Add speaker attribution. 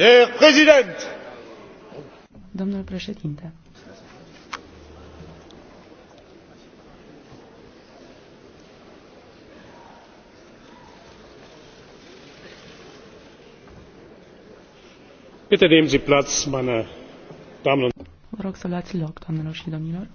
Speaker 1: Domnule
Speaker 2: Domnul președinte.
Speaker 3: Bitte nehmen Sie Platz, meine Damen und Herren.
Speaker 4: Vă rog să luați loc, doamnelor și domnilor.